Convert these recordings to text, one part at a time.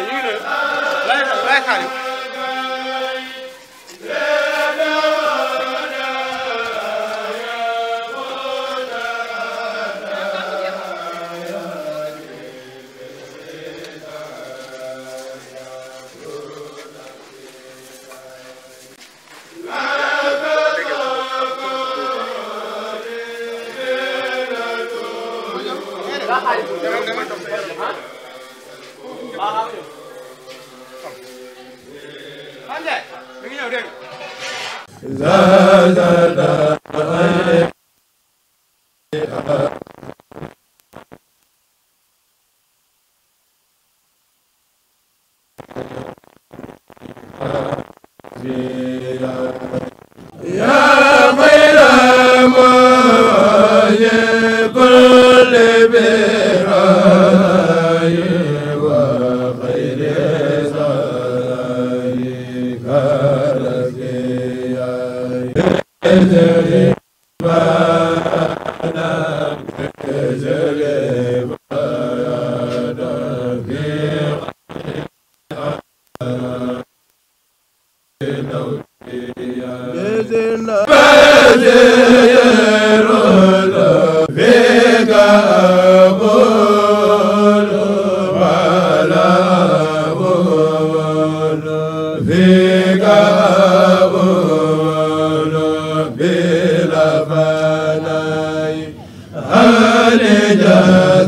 来，来，来看。la la la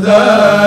daa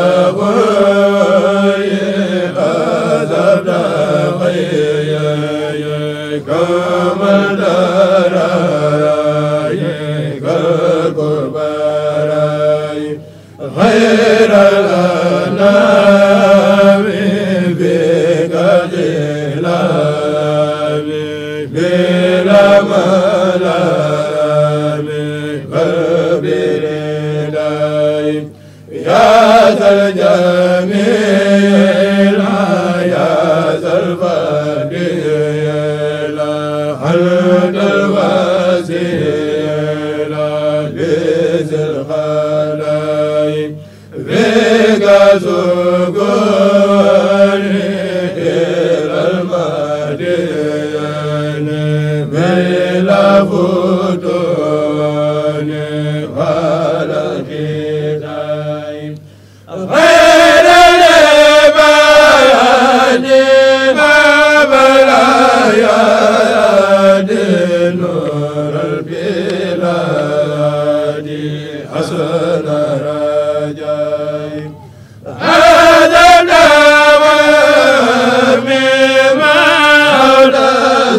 غير الأنام Gazo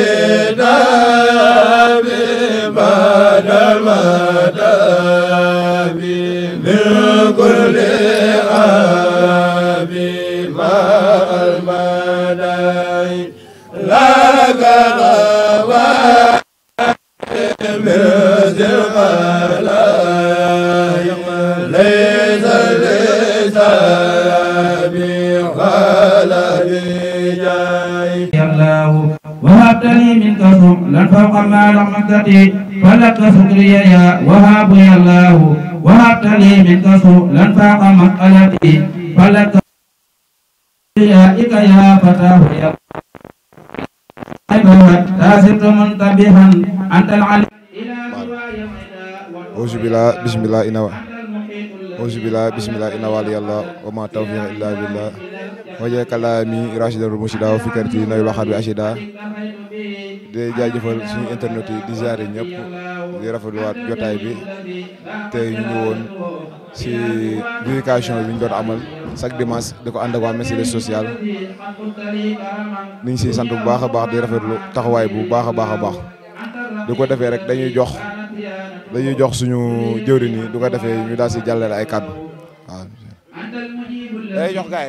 la لكسوا لن فوقنا رحمتي فلك شكري يا ya يا الله وهبت لي منك سوء لن فاق مقالتي فلك إياك bismillah inawa Auzubillah ya kalami rasyidan di jaajëfal suñu internet yi di ziare ñëpp di rafetluwaat jotaay bi te ñu woon si publication bi ñu doon amal chaque dimanche di ko ànd ak waa messagerie sociale ñu ngi siy sant bu baax a baax di rafetlu taxawaay bu baax a baax a baax di ko defee rek dañuy jox dañuy jox suñu jëwriñ yi du ko defee ñu daal si jàllale ay kàddu waaw. day jox gaay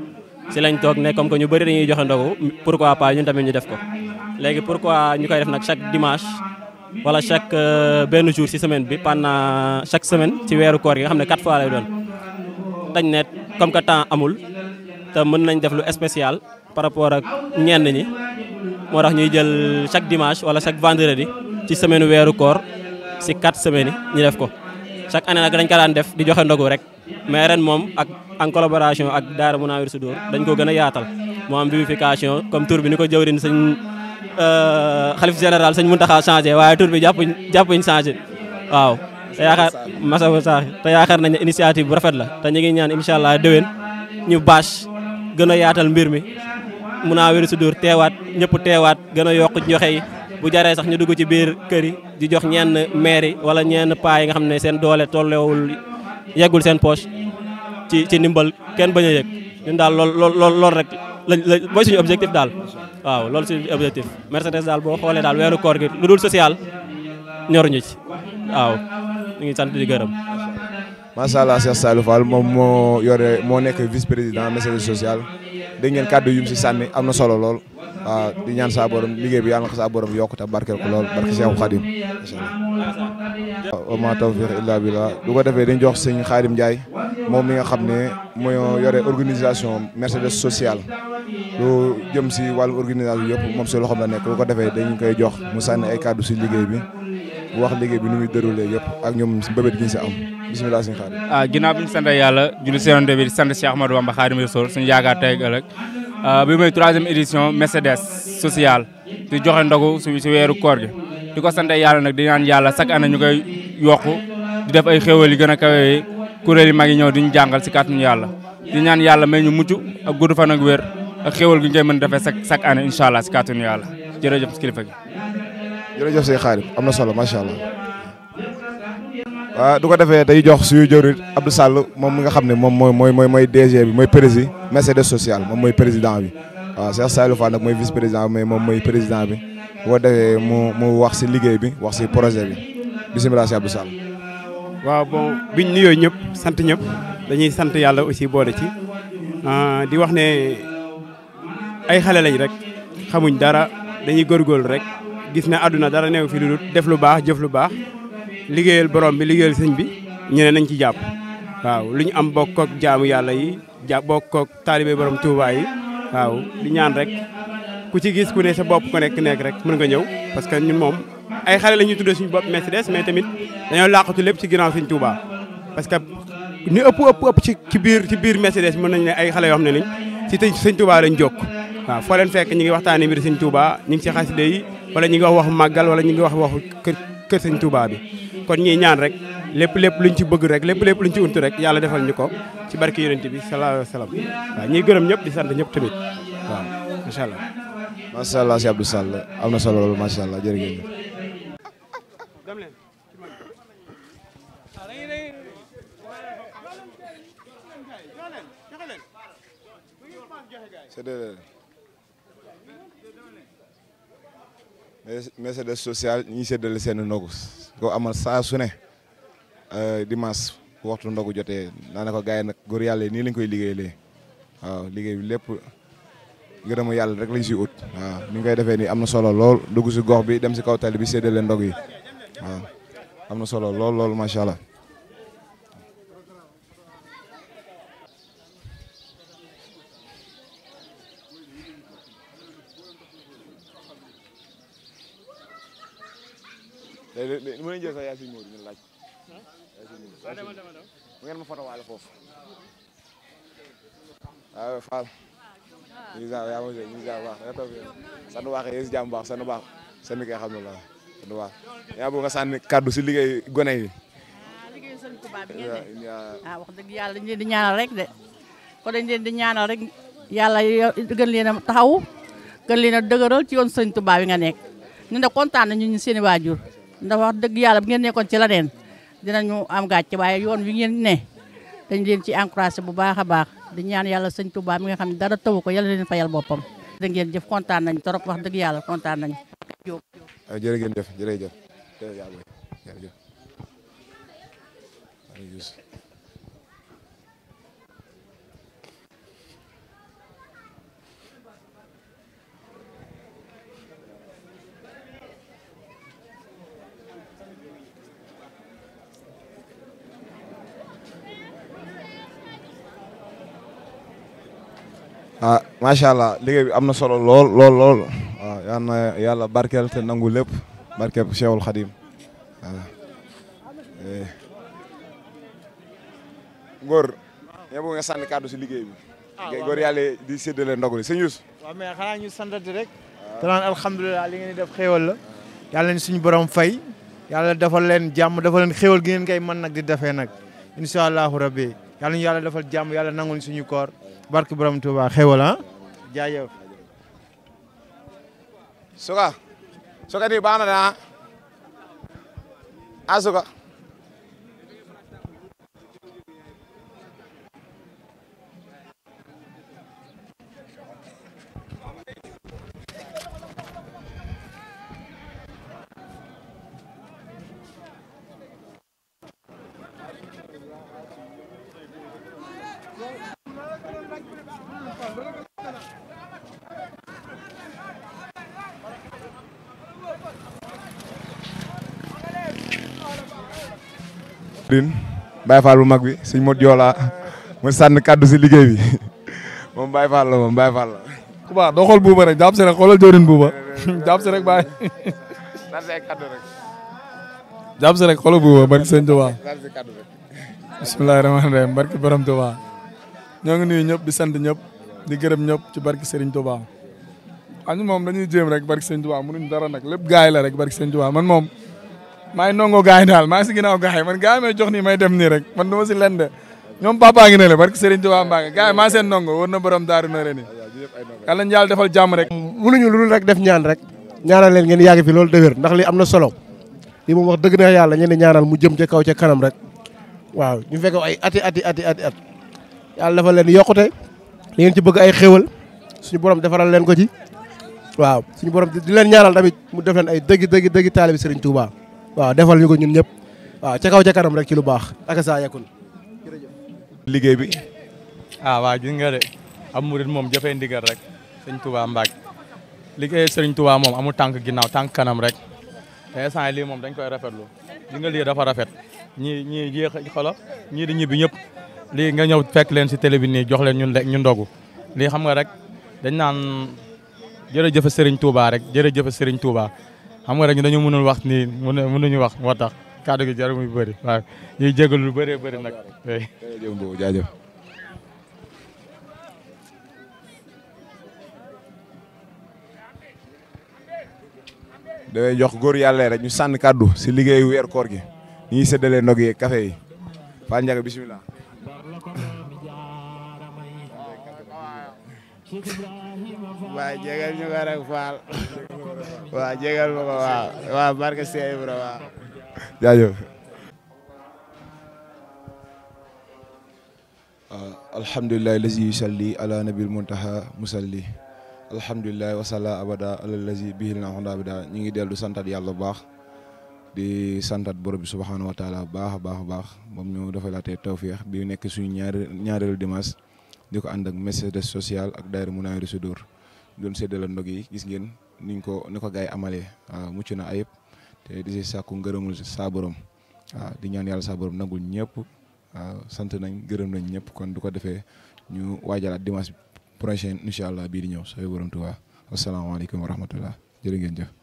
ci lañ tok ne comme que ñu bëri dañuy joxe ndogu pourquoi pas ñun tamit ñu def ko légui pourquoi ñukay def nak chaque dimanche wala chaque euh, ben jour ci semaine bi pendant chaque semaine ci wéru koor gi nga xamné 4 fois lay doon dañ ne comme que temps amul te mën nañ def lu spécial par rapport ak ñenn ñi mo tax ñuy jël chaque dimanche wala chaque vendredi ci semaine wéru koor ci 4 semaines yi ñu def ko chaque année nak dañ ko daan def di joxe ndogu rek mais ren mom ak en collaboration ak daara Munawir Sudur dañ ko gëna yaatal mo am vivification comme tour bi niko ko señ euh xalif général señ muntaha changer waye tour bi jàppuñ jàppuñ changer waaw te yaakaar masawu saaxi te yaakaar nañ initiative bu rafet la ta ñi ngi ñaan inshallah dewen ñu bash gëna yaatal mbir mi Munawir Sudur teewaat ñëpp teewaat gën a yokk bu jaree sax ñu dugg ci biir kër yi di jox ñenn maire yi wala ñenn paa yi nga xam ne seen doole tollewul yeggul seen poche ci ci ndimbal kenn bañ a yëg ñun daal lool lool lool rek la mooy suñu objectif daal waaw lool suñu objectif Mercedes daal boo xoolee daal weeru koor gi lu dul social ñoruñu ci waaw ñu ngi sant di gërëm macha allah Cheikh Saliou Fall moom moo yore moo nekk vice président Mercedes social dégg ngeen kàddu yum si sànni am na solo lool waaw di ñaan saa borom liggéey bi yàlla na ko saa borom barkeel ko lool barke Seexu Xaadim incha allah wa ko defee dañ jox sëñ Xaadim Ndiaye moom mi nga xam ne mooy yore organisation Mercedes sociale lu jëm si wàllu organisation yëpp moom si loxoom la nekk lu ko defee dañ koy jox mu sànni ay kàddu si liggéey bi wax liggéey bi nu muy déroulé yëpp ak ñoom mbébét gi ñu si am bisimilah suñu xaar. ah ginnaaw bi ñu sant yàlla julli seen bi di sant Cheikh Ahmadou Bamba Khadimou Rassoul suñu yaakaar tey ak ah, bi mooy troisième édition Mercedes sociale di joxe ndogu si weeru koor gi di ko sant yàlla nag di ñaan yàlla chaque année ñu koy yokku di def ay xéwal yi gën a kawe yi kuréel yi mag yi ñëw di ñu jàngal si kàttanu yàlla di ñaan yàlla may ñu mucc ak gudd fan ak wér ak xéwal gi ñu koy mën defee chaque chaque année incha allah si kàttanu yàlla jërëjëf jërëjëf say xarit am na solo macha allah. waaw ah, du ko defee day jox suñu jëwriñ Abdou Sall moom mu nga xam ne moom mooy mooy mooy DG bi mooy prési Mercedes sociale moom mooy président bi waaw ah, Cheikh Saliou Fall nag mooy vice président bi moom mooy président bi boo defee mu mu wax si liggéey bi wax si projet bi bisimilah si Abdou Sall. waaw bon biñ nuyoo ñëpp sant ñëpp dañuy sant yàlla aussi boole ci ah, di wax ne ay xale lañ rek xamuñ dara dañuy góorgóorlu rek. gis ne àdduna dara neew fi lu dul def lu baax jëf lu baax liggéeyal borom bi liggéeyal sëñ bi ñu nañ ci jàpp waaw lu ñu am bokk ak jaamu yàlla yi ja bokk ak taalibe borom Touba yi waaw di ñaan rek ku ci gis ku ne sa bopp ku nekk nekk rek mën nga ñëw parce que ñun moom ay xale la ñuy tuddee suñu bopp Mercedes mais tamit dañoo làqatu lépp ci ginnaaw sëñ Touba parce que ni ëpp ëpp ëpp ci ci biir ci biir Mercedes mën nañ ne ay xale yoo xam ne lañ si tey sëñ Touba lañ jokk wa fo len fek ñi ngi waxtaanee mbir seigne Touba ñi ngi ci xasida yi wala ñi ngi wax wax magal wala ñi ngi wax wax kër seigne Touba bi kon ñi ñaan rek lepp lepp luñ ci bëgg rek lepp lepp luñ ci untu rek yalla defal ñuko ci barke yoonte bi salaahu wasallam wa ñi gëreem ñep di sant ñep tamit wa inshallah allah. macha allah si Abdou Sall amna solo solo loolu macha allah jërëjëf. C'est de message social ñi séddale seen ndogu ko am a saa su ne euh, dimanche waxtu ndogu jotee daanaka gars yi nag góor yàlla nii lañ koy liggéeyalee waaw liggéey bi lépp gërëmu yàlla rek lañ si ut waaw ni koy defee nii am na solo lool dugg si gox bi dem si kaw tali bi séddale ndog yi am na solo lool lool macha allah. léeg-léeg mën nañu jël sax yaa mu ngeen ma foto waale foofu. waaw Fall. ñu ngi saa yaa ma ñu ngi saa baax nga toog sant baax yéen si jàmm yaa bëgg nga sànni kaddu si liggéey gone yi. Ah, liggéey ah, dëgg yàlla dañ leen di ñaanal rek de ko dañ leen di ñaanal rek yàlla gën leen a taxaw gën leen a dëgëral ci yoon sëñ Tuubaa bi nga nekk ñu ne kontaan nañu ñu seen i ndax wax dëgg yàlla bu ngeen nekkoon ci la leneen dinañu am gàcce waaye yoon wi ngeen ne dañ leen ci encouragé bu baax a baax di ñaan yàlla sëñ Touba mi nga xam ne dara taw ko yàlla leen fayal boppam. da ngeen jëf kontaan nañ trop wax dëgg yàlla kontaan nañ ah, jërëjëf jërëjëf jërëjëf macha allah liggéey bi am na solo lool lool lool waaw yal na yàlla barkeel te nangu lépp barkeel Cheikhul Khadim waaw. Eh. Ngor. yow kàddu si liggéey bi. Ah, di séddale ndogu li sëñ Youssou. waaw mais xanaa ñu santati rek. te naan alhamdulilah li ngeen def xéewal la. yàlla nañ suñu borom fay. yàlla defal leen jàmm defal leen xéewal gi ngeen koy mën nag di defee nag. incha allahu rabbi yàlla ñu yàlla defal jàmm yàlla nangul suñu koor. barke borom Touba xewal ah jaajëf suka suka ni bana na a ah. ah, suka Catherine Baye Fall bu mag bi Seigne Modou Joola mu sànn kaddu ci liguey bi mom Baye Fall la moom Baye Fall la. ku baax doo xool buuba rek jàpp se rek xolal jëwrin buuba jàpp se rek Baye. jàpp si rek xol buuba barki sëñ Tuubaa. bisimilah rahmaani rahiim barki borom Touba ñoo ngi nuyu ñep di sant ñep di gërëm ñep ci barki Seigne Touba añu mom dañuy jëm rek barki Seigne Touba mënuñ dara nak lepp gaay la rek barki Seigne Touba man mom maa nongo nongoo gars yi daal maa ngi si ginnaaw gars yi man gars yi may jox nii may dem nii rek man dama si lenn de ñoom papa ngi ne la barke Serigne Touba Mbacké gars yi maa seen lu rek def ñaan rek ñaanal leen ngeen yàgg fi loolu dëwér ndax li am na solo li moom wax dëgg na yàlla ñeen ñaanal mu jëm ca kaw ca kanam rek waaw ñu fekk ay ati ati ati ati at yàlla dafa leen yokkute li ngeen ci bëgg ay xéwal suñu borom defaral leen ko ci waaw suñu borom di leen ñaanal tamit mu def leen ay dëgg dëgg dëgg taalibi Serigne Touba waaw defal ñu ko ñun ñëpp waaw ca kaw ca kanam rek ci lu baax ak saa liggéey bi ah waa gis nga de am murit moom jafee ndigal rek sëñ Touba Mbacke liggéey sëriñ Touba moom amul tànk ginnaaw tànk kanam rek te instant yi lii moom dañ koy rafetlu li nga lii dafa rafet ñii ñi jéex xolo ñii di ñibbi ñëpp lii nga ñëw fekk leen si télé bi nii jox leen ñu ñu ndogu lii xam nga rek dañ naan jërëjëf sëriñ Touba rek jërëjëf sëriñ Touba xam nga rek ñu dañu mënul wax nii mënuñu wax moo tax kàddu gi jarul muy bëri waaw ñuy jégalu lu bëree bëri nag. jërëjëf boobu jaajëf. damay jox góor yàlla rek ñu sànni kàddu si liggéeyu weer koor gi ñuy séddalee ndog yeeg yi Fall Ndiaga bisimilah. waaw jégal ñu ko rek faal waaw jégal ma ko waaw waaw barke Seex Ibra waaw jaajëf ah, alhamdulilah muntaha musalli alhamdulilah abada ala lazi bihi xonda abada ñu ngi dellu santat yàlla bu baax di santat borom bi subhanahu wa taala bu baax a baax baax moom ñu dafa laatee tawfiix bi nekk suñu ñaari ñaareelu dimanche di ko ànd ak message sociale ak daayira Munaawiru Sudur doon séddale ndog yi gis ngeen niñ ko ni ko gars yi amalee mucc na ayib te di si sàkku ngërëmul saa borom waaw di ñaan yàlla saa nagu ñëpp waaw sant nañ gërëm nañ ñëpp kon du ko defee ñu waajalaat dimanche prochain incha allah bii di ñëw sooy borom wa wasalaamaaleykum wa rahmatullah jërë ngeen jëf